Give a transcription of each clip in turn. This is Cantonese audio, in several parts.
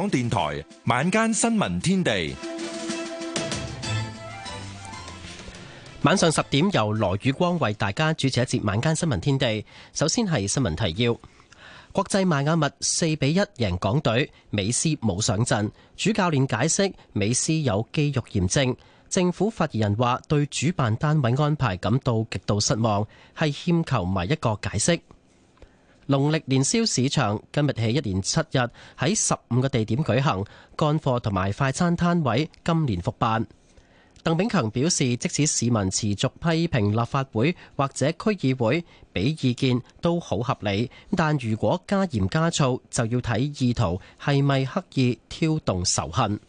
港電台晚間新聞天地，晚上十點由羅宇光為大家主持一節晚間新聞天地。首先係新聞提要：國際邁阿密四比一贏港隊，美斯冇上陣，主教練解釋美斯有肌肉炎症。政府發言人話對主辦單位安排感到極度失望，係欠球迷一個解釋。農曆年宵市場今日起一連七日喺十五個地點舉行，乾貨同埋快餐攤位今年復辦。鄧炳強表示，即使市民持續批評立法會或者區議會，俾意見都好合理，但如果加鹽加醋，就要睇意圖係咪刻意挑動仇恨。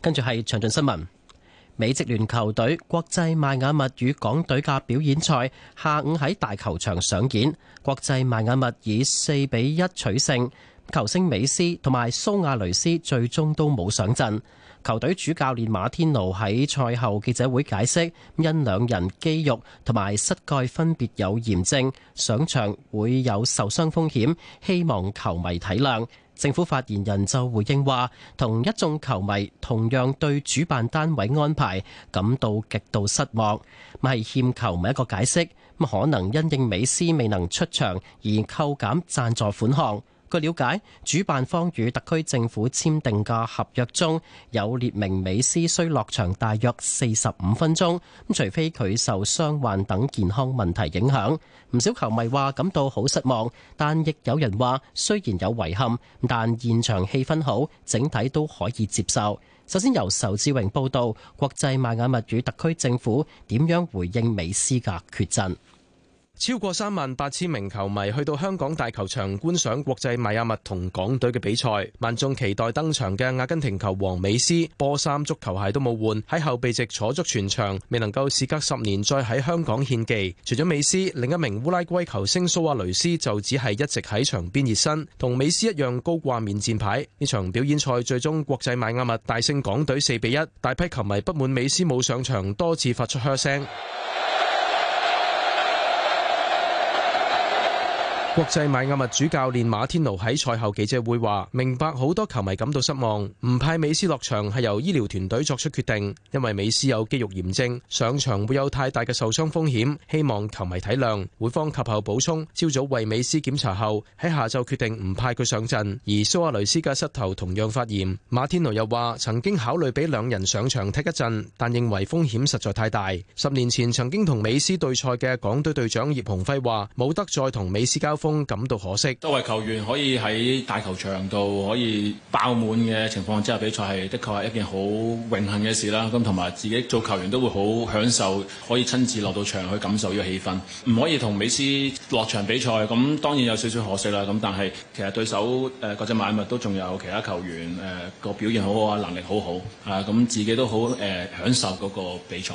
跟住係詳盡新聞。美職聯球隊國際邁雅密與港隊嘅表演賽下午喺大球場上演，國際邁雅密以四比一取勝，球星美斯同埋蘇亞雷斯最終都冇上陣。球隊主教練馬天奴喺賽後記者會解釋，因兩人肌肉同埋膝蓋分別有炎症，上場會有受傷風險，希望球迷體諒。政府發言人就回應話，同一眾球迷同樣對主辦單位安排感到極度失望，咪欠球迷一個解釋，咁可能因應美斯未能出場而扣減贊助款項。據了解，主辦方與特區政府簽訂嘅合約中有列明美斯需落場大約四十五分鐘，除非佢受傷患等健康問題影響。唔少球迷話感到好失望，但亦有人話雖然有遺憾，但現場氣氛好，整體都可以接受。首先由仇志榮報道，國際邁阿密與特區政府點樣回應美斯嘅缺陣。超過三萬八千名球迷去到香港大球場觀賞國際邁阿密同港隊嘅比賽，萬眾期待登場嘅阿根廷球王美斯，波衫足球鞋都冇換，喺後備席坐足全場，未能夠時隔十年再喺香港獻技。除咗美斯，另一名烏拉圭球星蘇亞雷斯就只係一直喺場邊熱身，同美斯一樣高掛免戰牌。呢場表演賽最終國際邁阿密大勝港隊四比一，大批球迷不滿美斯冇上場，多次發出噓聲。國際邁阿密主教練馬天奴喺賽後記者會話：明白好多球迷感到失望，唔派美斯落場係由醫療團隊作出決定，因為美斯有肌肉炎症，上場會有太大嘅受傷風險。希望球迷體諒，會方及後補充，朝早為美斯檢查後，喺下晝決定唔派佢上陣。而蘇亞雷斯嘅膝頭同樣發炎，馬天奴又話曾經考慮俾兩人上場踢一陣，但認為風險實在太大。十年前曾經同美斯對賽嘅港隊隊長葉鴻輝話：冇得再同美斯交風感到可惜。作為球員可以喺大球場度可以爆滿嘅情況之下比賽，係的確係一件好榮幸嘅事啦。咁同埋自己做球員都會好享受，可以親自落到場去感受呢個氣氛。唔可以同美斯落場比賽，咁當然有少少可惜啦。咁但係其實對手誒國際邁阿密都仲有其他球員誒、呃、個表現好好啊，能力好好啊。咁、呃、自己都好誒、呃、享受嗰個比賽。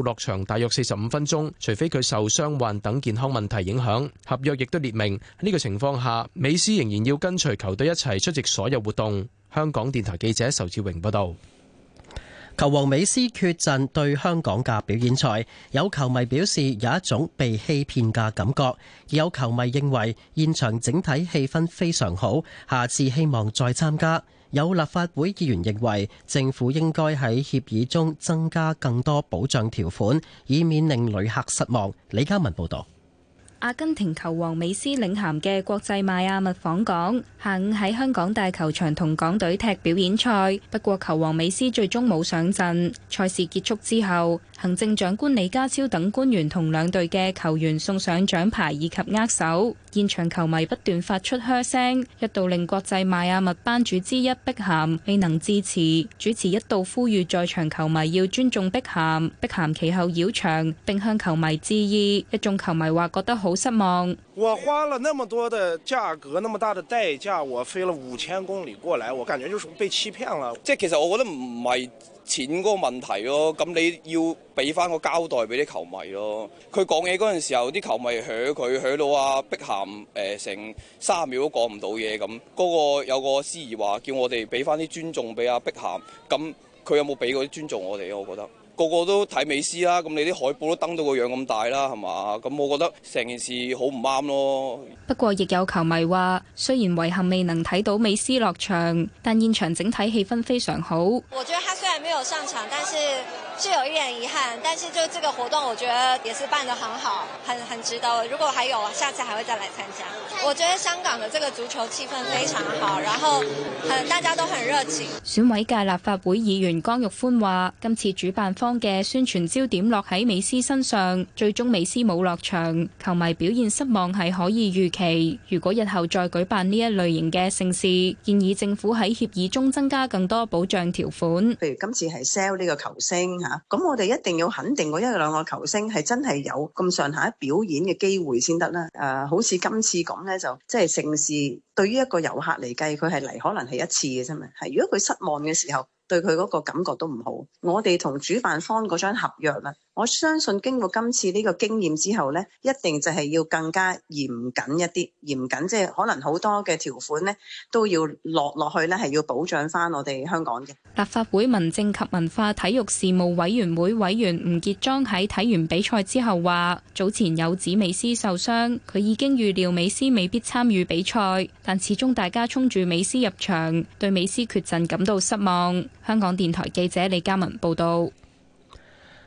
落場大約四十五分鐘，除非佢受傷患等健康問題影響，合約亦都列明呢個情況下，美斯仍然要跟隨球隊一齊出席所有活動。香港電台記者仇志榮報道，球王美斯缺陣對香港嘅表演賽，有球迷表示有一種被欺騙嘅感覺，而有球迷認為現場整體氣氛非常好，下次希望再參加。有立法會議員認為，政府應該喺協議中增加更多保障條款，以免令旅客失望。李嘉文報導。阿根廷球王美斯領銜嘅國際邁阿密訪港，下午喺香港大球場同港隊踢表演賽，不過球王美斯最終冇上陣。賽事結束之後，行政長官李家超等官員同兩隊嘅球員送上獎牌以及握手。現場球迷不斷發出噓聲，一度令國際邁阿密班主之一碧咸未能支持。主持一度呼籲在場球迷要尊重碧咸，碧咸其後繞場並向球迷致意。一眾球迷話覺得好失望。我花了那麼多的價格，那麼大的代價，我飛了五千公里過來，我感覺就是被欺騙了。即其實我覺得唔係。錢嗰個問題咯，咁你要俾翻個交代俾啲球迷咯。佢講嘢嗰陣時候，啲球迷扯佢扯到啊碧，碧咸誒成卅秒都講唔到嘢咁。嗰、嗰個有個司儀話叫我哋俾翻啲尊重俾阿、啊、碧咸，咁佢有冇俾過啲尊重我哋咧？我覺得。個個都睇美斯啦，咁你啲海報都登到個樣咁大啦，係嘛？咁我覺得成件事好唔啱咯。不過亦有球迷話，雖然遺憾未能睇到美斯落場，但現場整體氣氛非常好。我覺得他雖然沒有上場，但是。是有一點遺憾，但是就這個活動，我覺得也是辦得很好，很很值得。如果還有，下次還會再來參加。我覺得香港的這個足球氣氛非常好，然後、呃、大家都很熱情。選委界立法會議員江玉歡話：今次主辦方嘅宣傳焦點落喺美斯身上，最終美斯冇落場，球迷表現失望係可以預期。如果日後再舉辦呢一類型嘅盛事，建議政府喺協議中增加更多保障條款。譬如今次係 sell 呢個球星。咁我哋一定要肯定嗰一兩個球星係真係有咁上下表演嘅機會先得啦。誒、呃，好似今次咁咧，就即係城市對於一個遊客嚟計，佢係嚟可能係一次嘅啫嘛。係如果佢失望嘅時候，對佢嗰個感覺都唔好。我哋同主辦方嗰張合約咧。我相信經過今次呢個經驗之後呢，一定就係要更加嚴謹一啲，嚴謹即係可能好多嘅條款呢都要落落去呢，係要保障翻我哋香港嘅。立法會民政及文化體育事務委員會委員吳傑莊喺睇完比賽之後話：早前有指美斯受傷，佢已經預料美斯未必參與比賽，但始終大家衝住美斯入場，對美斯缺陣感到失望。香港電台記者李嘉文報道。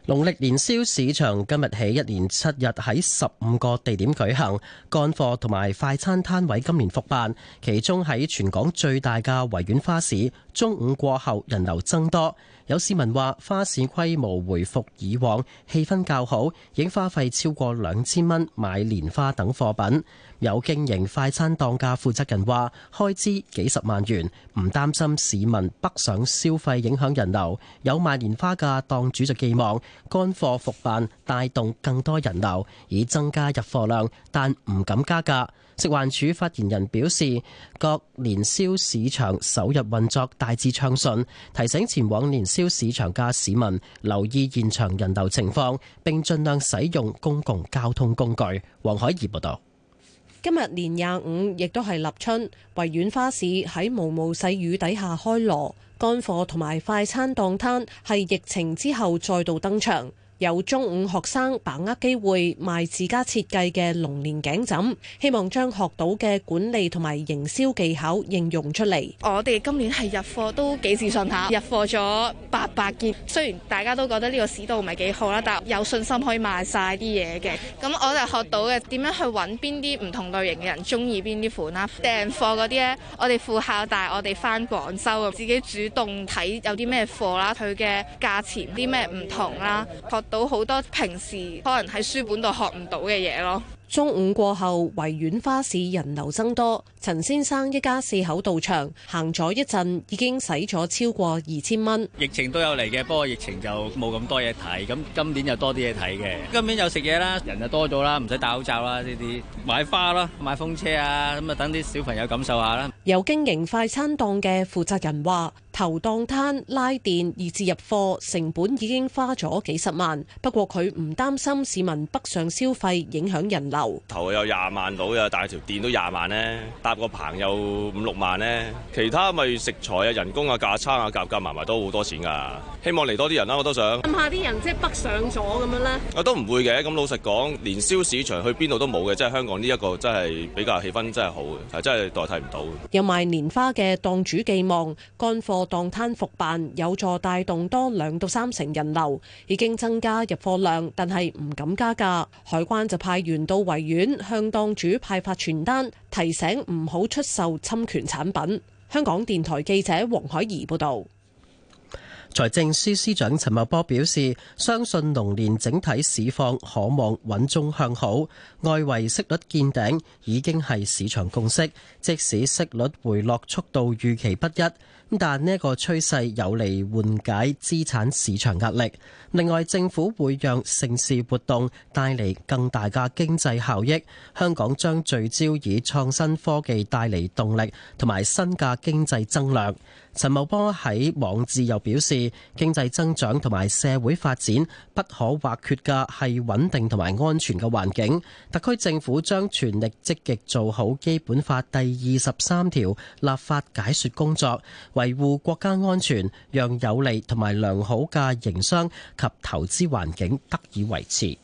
農曆年宵市場今日起一連七日喺十五個地點舉行，乾貨同埋快餐攤位今年復辦，其中喺全港最大嘅維園花市，中午過後人流增多。有市民話花市規模回復以往，氣氛較好，已經花費超過兩千蚊買蓮花等貨品。有經營快餐檔嘅負責人話開支幾十萬元，唔擔心市民北上消費影響人流。有賣蓮花嘅檔主就寄望乾貨復辦帶動更多人流，以增加入貨量，但唔敢加價。食環署發言人表示，各年宵市場首日運作大致暢順，提醒前往年宵市場嘅市民留意現場人流情況，並盡量使用公共交通工具。黃海怡報道。今日年廿五亦都係立春，維園花市喺毛毛細雨底下開鑼，乾貨同埋快餐檔攤係疫情之後再度登場。有中五學生把握機會賣自家設計嘅龍年頸枕，希望將學到嘅管理同埋營銷技巧應用出嚟。我哋今年係入貨都幾自信下，入貨咗八百件，雖然大家都覺得呢個市道唔係幾好啦，但係有信心可以賣晒啲嘢嘅。咁我就學到嘅點樣去揾邊啲唔同類型嘅人鍾意邊啲款啦，訂貨嗰啲呢，我哋副校帶我哋返廣州，自己主動睇有啲咩貨啦，佢嘅價錢啲咩唔同啦，學到好多平時可能喺書本度學唔到嘅嘢咯。中午過後，維園花市人流增多，陳先生一家四口到場，行咗一陣已經使咗超過二千蚊。疫情都有嚟嘅，不過疫情就冇咁多嘢睇，咁今年就多啲嘢睇嘅。今年又食嘢啦，人就多咗啦，唔使戴口罩啦呢啲。買花咯，買風車啊，咁啊等啲小朋友感受下啦。有經營快餐檔嘅負責人話。投檔攤拉電以至入貨，成本已經花咗幾十萬。不過佢唔擔心市民北上消費影響人流。投有廿萬到，又帶條電都廿萬呢，搭個棚有五六萬呢。其他咪食材啊、人工啊、架撐啊，夾夾埋埋都好多錢㗎。希望嚟多啲人啦，我都想。怕啲人即係、就是、北上咗咁樣咧？我、啊、都唔會嘅。咁老實講，年宵市場去邊度都冇嘅，即係香港呢一個真係比較氣氛真係好嘅，係真係代替唔到。有賣年花嘅檔主寄望乾貨。檔攤復辦有助帶動多兩到三成人流，已經增加入貨量，但係唔敢加價。海關就派員到維園向檔主派發傳單，提醒唔好出售侵權產品。香港電台記者黃海怡報道。財政司司長陳茂波表示，相信龍年整體市況可望穩中向好，外圍息率見頂已經係市場共識，即使息率回落速度預期不一。但呢個趨勢有利緩解資產市場壓力。另外，政府會讓盛事活動帶嚟更大嘅經濟效益。香港將聚焦以創新科技帶嚟動力同埋新嘅經濟增量。陳茂波喺網誌又表示，經濟增長同埋社會發展不可或缺嘅係穩定同埋安全嘅環境。特區政府將全力積極做好《基本法》第二十三條立法解說工作。維護國家安全，讓有利同埋良好嘅營商及投資環境得以維持。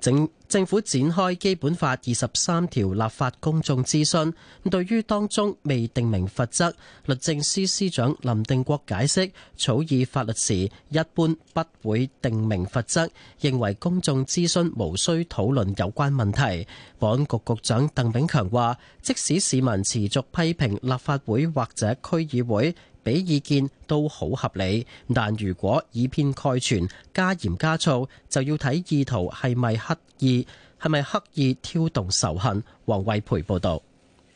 整政府展開《基本法》二十三條立法公眾諮詢，對於當中未定明罰則，律政司司長林定國解釋，草擬法律時一般不會定明罰則，認為公眾諮詢無需討論有關問題。保安局局長鄧炳強話，即使市民持續批評立法會或者區議會，俾意見都好合理，但如果以偏概全、加鹽加醋，就要睇意圖係咪刻意，係咪刻意挑動仇恨？黃惠培報導，《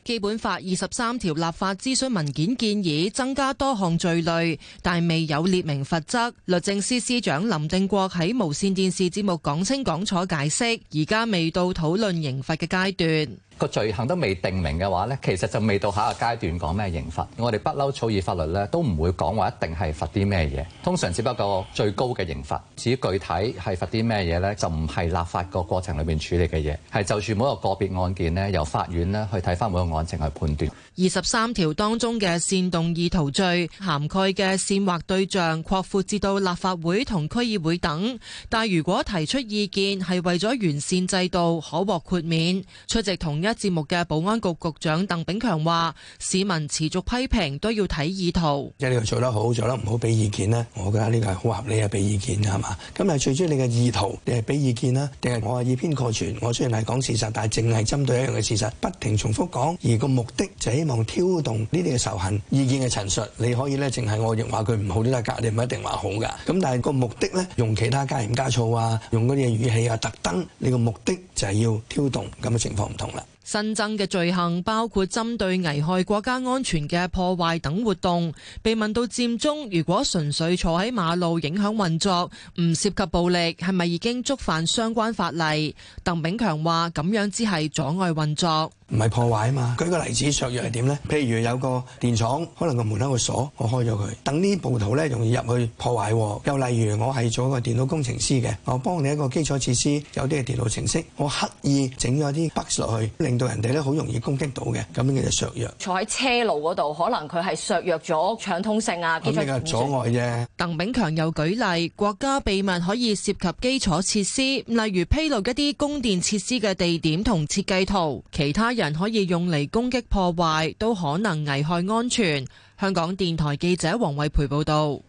基本法》二十三條立法諮詢文件建議增加多項罪類，但未有列明罰則。律政司司長林定國喺無線電視節目講清講楚解釋，而家未到討論刑罰嘅階段。個罪行都未定明嘅話呢，其實就未到下一個階段講咩刑罰。我哋不嬲草擬法律呢，都唔會講話一定係罰啲咩嘢。通常只不過最高嘅刑罰，至於具體係罰啲咩嘢呢？就唔係立法個過程裏面處理嘅嘢，係就算每一個個別案件呢，由法院呢去睇翻每個案情去判斷。二十三條當中嘅煽動意圖罪涵蓋嘅煽惑對象擴闊至到立法會同區議會等，但如果提出意見係為咗完善制度，可獲豁免出席同。一節目嘅保安局局長鄧炳強話，市民持續批評都要睇意圖。即係呢個做得好，做得唔好，俾意見咧。我覺得呢個係好合理啊，俾意見係嘛。咁係取決於你嘅意圖，定係俾意見啦，定係我係以偏概全。我雖然係講事實，但係淨係針對一樣嘅事實，不停重複講。而個目的就希望挑動呢啲嘅仇恨。意見嘅陳述，你可以呢淨係我亦話佢唔好都得噶，你唔一定話好噶。咁但係個目的呢，用其他加鹽加醋啊，用嗰啲語氣啊，特登，你個目的就係要挑動。咁嘅情況唔同啦。新增嘅罪行包括針對危害國家安全嘅破壞等活動。被問到佔中如果純粹坐喺馬路影響運作，唔涉及暴力，係咪已經觸犯相關法例？鄧炳強話：咁樣只係阻礙運作。唔係破壞啊嘛！舉個例子，削弱係點呢？譬如有個電廠，可能個門口個鎖，我開咗佢，等呢啲暴徒呢容易入去破壞。又例如我係做一個電腦工程師嘅，我幫你一個基礎設施，有啲係電腦程式，我刻意整咗啲 bug 落去，令到人哋咧好容易攻擊到嘅，咁叫做削弱。坐喺車路嗰度，可能佢係削弱咗暢通性啊，咁樣嘅阻礙啫。鄧炳強又舉例，國家秘密可以涉及基礎設施，例如披露一啲供電設施嘅地點同設計圖，其他人人可以用嚟攻擊破壞，都可能危害安全。香港電台記者黃惠培報道，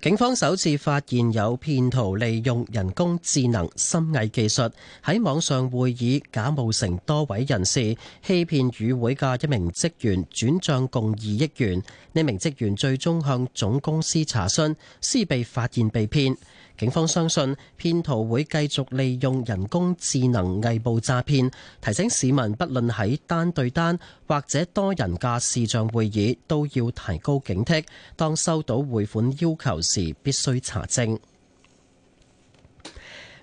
警方首次發現有騙徒利用人工智能、深偽技術喺網上會議假冒成多位人士，欺騙與會嘅一名職員轉賬共二億元。呢名職員最終向總公司查詢，是被發現被騙。警方相信騙徒會繼續利用人工智能偽報詐騙，提醒市民不論喺單對單或者多人嘅視像會議，都要提高警惕。當收到匯款要求時，必須查證。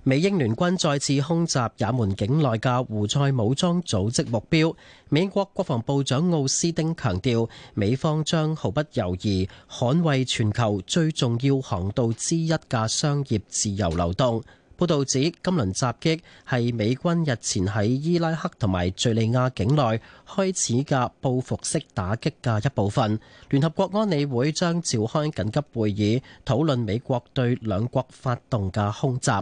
美英聯軍再次空襲也門境內嘅胡塞武裝組織目標。美國國防部長奧斯丁強調，美方將毫不猶豫捍衞全球最重要航道之一嘅商業自由流動。報導指，今輪襲擊係美軍日前喺伊拉克同埋敘利亞境內開始嘅報復式打擊嘅一部分。聯合國安理會將召開緊急會議，討論美國對兩國發動嘅空襲。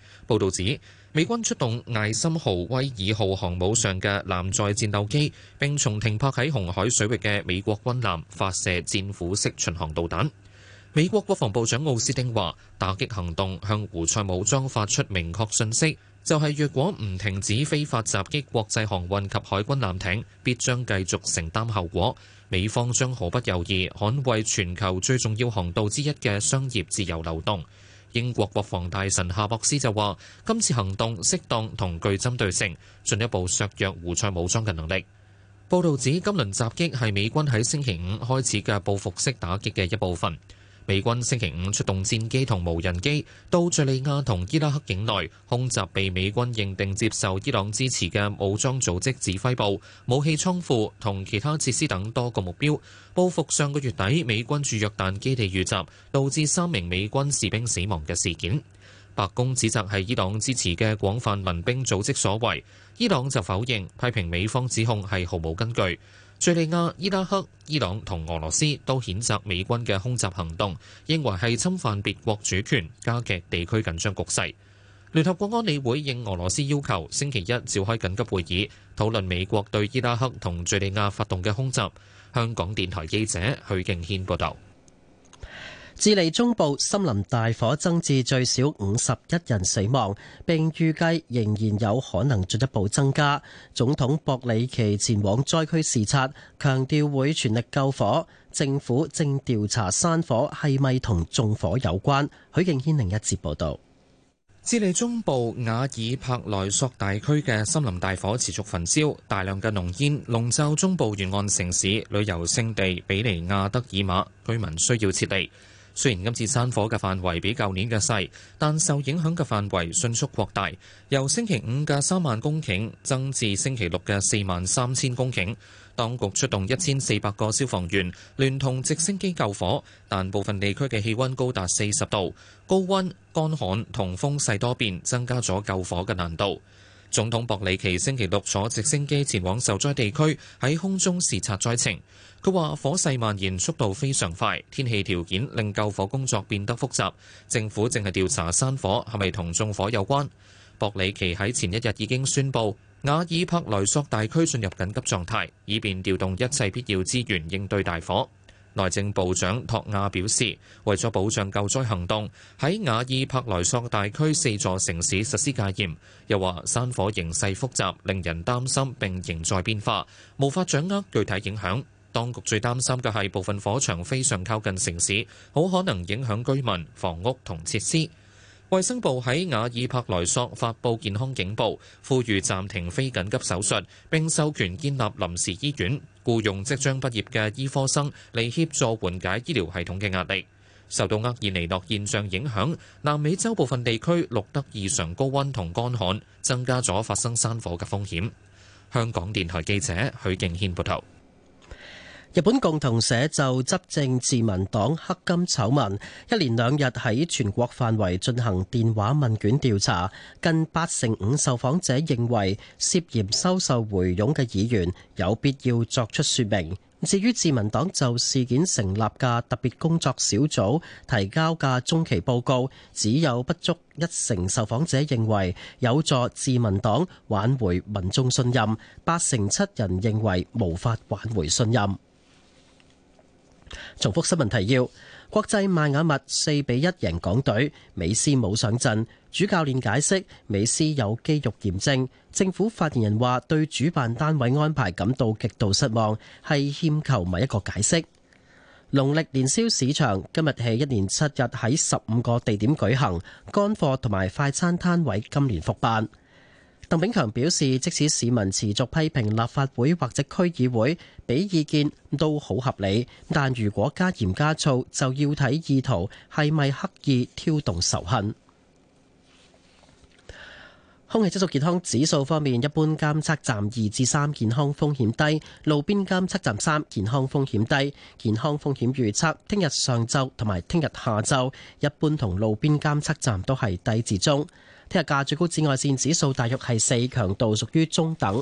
報道指，美軍出動艾森豪威爾號航母上嘅艦載戰鬥機，並從停泊喺紅海水域嘅美國軍艦發射戰斧式巡航導彈。美國國防部長奧斯丁話，打擊行動向胡塞武裝發出明確信息，就係：若果唔停止非法襲擊國際航運及海軍艦艇，必將繼續承擔後果。美方將毫不猶豫捍衛全球最重要航道之一嘅商業自由流動。英國國防大臣夏博斯就話：今次行動適當同具針對性，進一步削弱胡塞武裝嘅能力。報道指，今輪襲擊係美軍喺星期五開始嘅報復式打擊嘅一部分。美軍星期五出動戰機同無人機到敍利亞同伊拉克境內，空襲被美軍認定接受伊朗支持嘅武裝組織指揮部、武器倉庫同其他設施等多個目標，報復上個月底美軍駐約旦基地遇襲，導致三名美軍士兵死亡嘅事件。白宮指責係伊朗支持嘅廣泛民兵組織所為，伊朗就否認，批評美方指控係毫無根據。敘利亞、伊拉克、伊朗同俄羅斯都譴責美軍嘅空襲行動，認為係侵犯別國主權，加劇地區緊張局勢。聯合國安理會應俄羅斯要求，星期一召開緊急會議，討論美國對伊拉克同敘利亞發動嘅空襲。香港電台記者許敬軒報道。智利中部森林大火增至最少五十一人死亡，並預計仍然有可能進一步增加。總統博里奇前往災區視察，強調會全力救火。政府正調查山火係咪同縱火有關。許敬軒另一節報道：智利中部瓦爾帕萊索大區嘅森林大火持續焚燒，大量嘅濃煙籠罩中部沿岸城市、旅遊勝地比尼亞德爾瑪，居民需要撤離。雖然今次山火嘅範圍比舊年嘅細，但受影響嘅範圍迅速擴大，由星期五嘅三萬公頃增至星期六嘅四萬三千公頃。當局出動一千四百個消防員，聯同直升機救火，但部分地區嘅氣温高達四十度，高温、乾旱同風勢多變，增加咗救火嘅難度。總統博里奇星期六坐直升機前往受災地區，喺空中視察災情。佢話火勢蔓延速度非常快，天氣條件令救火工作變得複雜。政府正係調查山火係咪同縱火有關。博里奇喺前一日已經宣布，瓦爾帕萊索大區進入緊急狀態，以便調動一切必要資源應對大火。內政部長托亞表示，為咗保障救災行動，喺瓦爾帕萊索大區四座城市實施戒嚴。又話山火形勢複雜，令人擔心並仍在變化，無法掌握具體影響。當局最擔心嘅係部分火場非常靠近城市，好可能影響居民、房屋同設施。衛生部喺瓦爾帕萊索發布健康警報，呼籲暫停非緊急手術，並授權建立臨時醫院。僱用即將畢業嘅醫科生嚟協助緩解醫療系統嘅壓力。受到厄爾尼諾現象影響，南美洲部分地區錄得異常高溫同乾旱，增加咗發生山火嘅風險。香港電台記者許敬軒報道。日本共同社就執政自民黨黑金醜聞一連兩日喺全國範圍進行電話問卷調查，近八成五受訪者認為涉嫌收受回佣嘅議員有必要作出說明。至於自民黨就事件成立嘅特別工作小組提交嘅中期報告，只有不足一成受訪者認為有助自民黨挽回民眾信任，八成七人認為無法挽回信任。重複新聞提要：國際邁亞密四比一贏港隊，美斯冇上陣，主教練解釋美斯有肌肉炎症。政府發言人話對主辦單位安排感到極度失望，係欠球迷一個解釋。農曆年宵市場今日起一連七日喺十五個地點舉行，乾貨同埋快餐攤位今年復辦。鄧炳強表示，即使市民持續批評立法會或者區議會，俾意見都好合理，但如果加鹽加醋，就要睇意圖係咪刻意挑動仇恨。空氣質素健康指數方面，一般監測站二至三，健康風險低；路邊監測站三，健康風險低。健康風險預測：聽日上晝同埋聽日下晝，一般同路邊監測站都係低至中。聽日嘅最高紫外線指數大約係四，強度屬於中等。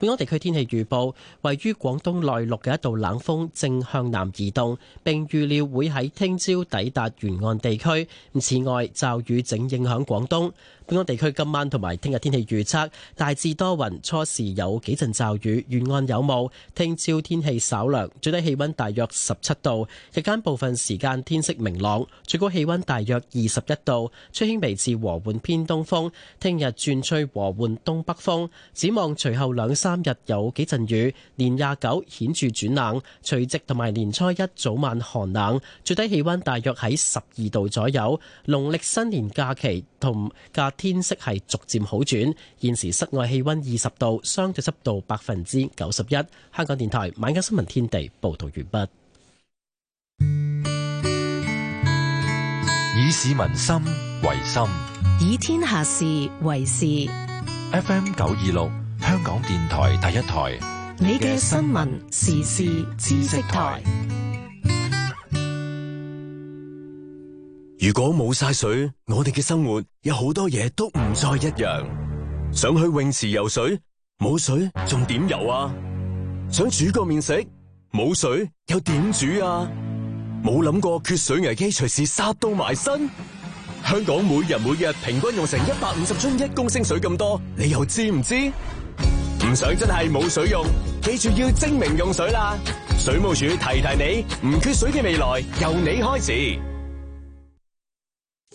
本港地區天氣預報：位於廣東內陸嘅一道冷鋒正向南移動，並預料會喺聽朝抵達沿岸地區。咁此外，驟雨正影響廣東。本港地區今晚同埋聽日天氣預測，大致多雲，初時有幾陣驟雨，沿岸有霧。聽朝天氣稍涼，最低氣溫大約十七度，日間部分時間天色明朗，最高氣溫大約二十一度，吹輕微至和緩偏東風。聽日轉吹和緩東北風，展望隨後兩三日有幾陣雨，年廿九顯著轉冷，除夕同埋年初一早晚寒冷，最低氣溫大約喺十二度左右。農曆新年假期同假。天色係逐漸好轉，現時室外氣温二十度，相對濕度百分之九十一。香港電台晚間新聞天地報道完畢。以市民心為心，以天下事為事。FM 九二六，香港電台第一台，你嘅新聞時事知識台。如果冇晒水，我哋嘅生活有好多嘢都唔再一樣。想去泳池游水，冇水仲點游啊？想煮個麵食，冇水又點煮啊？冇諗過缺水危機隨時殺到埋身。香港每日每日平均用成一百五十樽一公升水咁多，你又知唔知？唔想真係冇水用，記住要精明用水啦。水務署提，提提你，唔缺水嘅未來由你開始。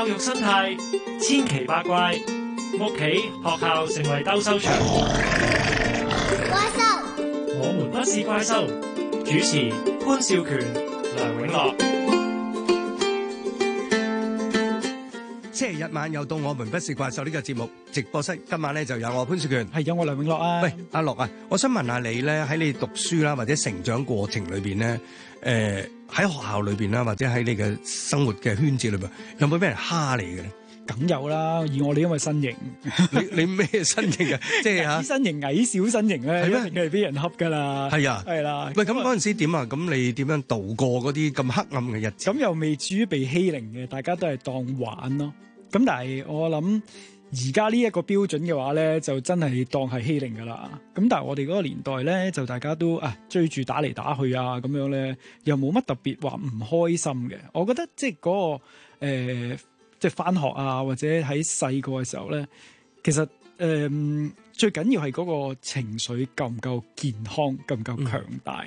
教育生態千奇百怪，屋企、學校成為鬥獸場。怪獸，我們不是怪獸。主持潘少權、梁永樂。星期日晚又到我們不是怪獸呢個節目直播室，今晚咧就有我潘少權，係有我梁永樂啊。喂，阿樂啊，我想問下你咧，喺你讀書啦，或者成長過程裏邊咧，誒？喺學校裏邊啦，或者喺你嘅生活嘅圈子裏面，有冇咩人蝦你嘅咧？梗有啦，以我哋因為身形，你，你咩身形啊？即係吓，身形矮小身形咧，係咩？佢哋俾人恰噶啦，係啊，係啦。喂，咁嗰陣時點啊？咁你點樣度過嗰啲咁黑暗嘅日子？咁又未至於被欺凌嘅，大家都係當玩咯。咁但係我諗。而家呢一個標準嘅話咧，就真係當係欺凌㗎喇。咁但係我哋嗰個年代咧，就大家都啊追住打嚟打去啊，咁樣咧又冇乜特別話唔開心嘅。我覺得即係嗰、嗰個、呃、即係返學啊，或者喺細個嘅時候咧，其實誒、呃、最緊要係嗰個情緒夠唔夠健康，夠唔夠強大，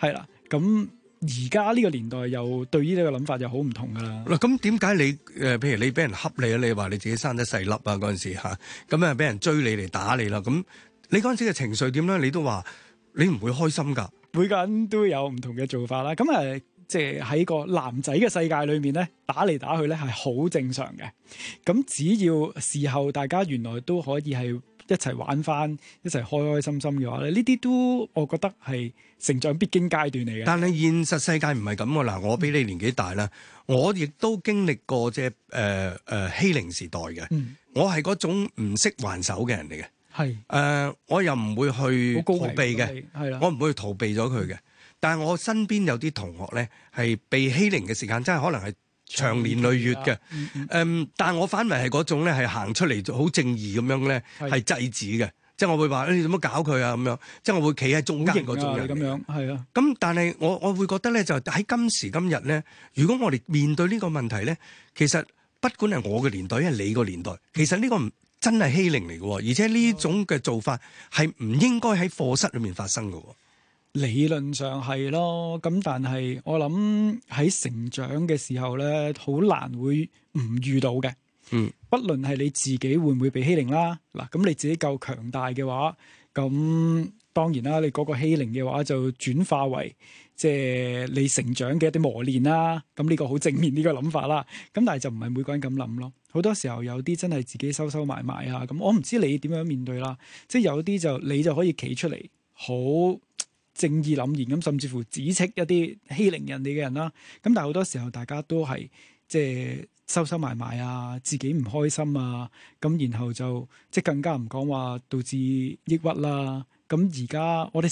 係啦、嗯，咁。而家呢個年代又對於呢個諗法又好唔同噶啦。嗱，咁點解你誒？譬如你俾人恰你啊，你話你自己生得細粒啊，嗰陣時吓咁啊，俾人追你嚟打你啦。咁你嗰陣時嘅情緒點咧？你都話你唔會開心噶。每個人都有唔同嘅做法啦。咁啊，即係喺個男仔嘅世界裏面咧，打嚟打去咧係好正常嘅。咁只要事後大家原來都可以係。一齊玩翻，一齊開開心心嘅話咧，呢啲都我覺得係成長必經階段嚟嘅。但係現實世界唔係咁嘅。嗱，我比你年紀大啦，我亦都經歷過即係誒誒欺凌時代嘅。嗯、我係嗰種唔識還手嘅人嚟嘅。係誒是、呃，我又唔會去逃避嘅，係啦，我唔會逃避咗佢嘅。但係我身邊有啲同學咧，係被欺凌嘅時間，真係可能係。長年累月嘅，誒、嗯，嗯、但係我反為係嗰種咧，係行出嚟好正義咁樣咧，係的制止嘅，即係我會話，你做乜搞佢啊？咁樣，即係我會企喺中間嗰種人嚟咁樣。係啊。咁但係我我會覺得咧，就喺今時今日咧，如果我哋面對呢個問題咧，其實不管係我嘅年代，因係你個年代，其實呢個真係欺凌嚟嘅喎，而且呢種嘅做法係唔應該喺課室裏面發生嘅喎。理論上係咯，咁但係我諗喺成長嘅時候咧，好難會唔遇到嘅。嗯，不論係你自己會唔會被欺凌啦，嗱，咁你自己夠強大嘅話，咁當然啦，你嗰個欺凌嘅話就轉化為即係你成長嘅一啲磨練啦。咁呢個好正面呢個諗法啦。咁但係就唔係每個人咁諗咯。好多時候有啲真係自己收收埋埋啊。咁我唔知你點樣面對啦。即係有啲就你就可以企出嚟好，正義凜然咁，甚至乎指斥一啲欺凌人哋嘅人啦。咁但係好多時候，大家都係即係收收埋埋啊，自己唔開心啊。咁然後就即係更加唔講話，導致抑鬱啦。咁而家我哋。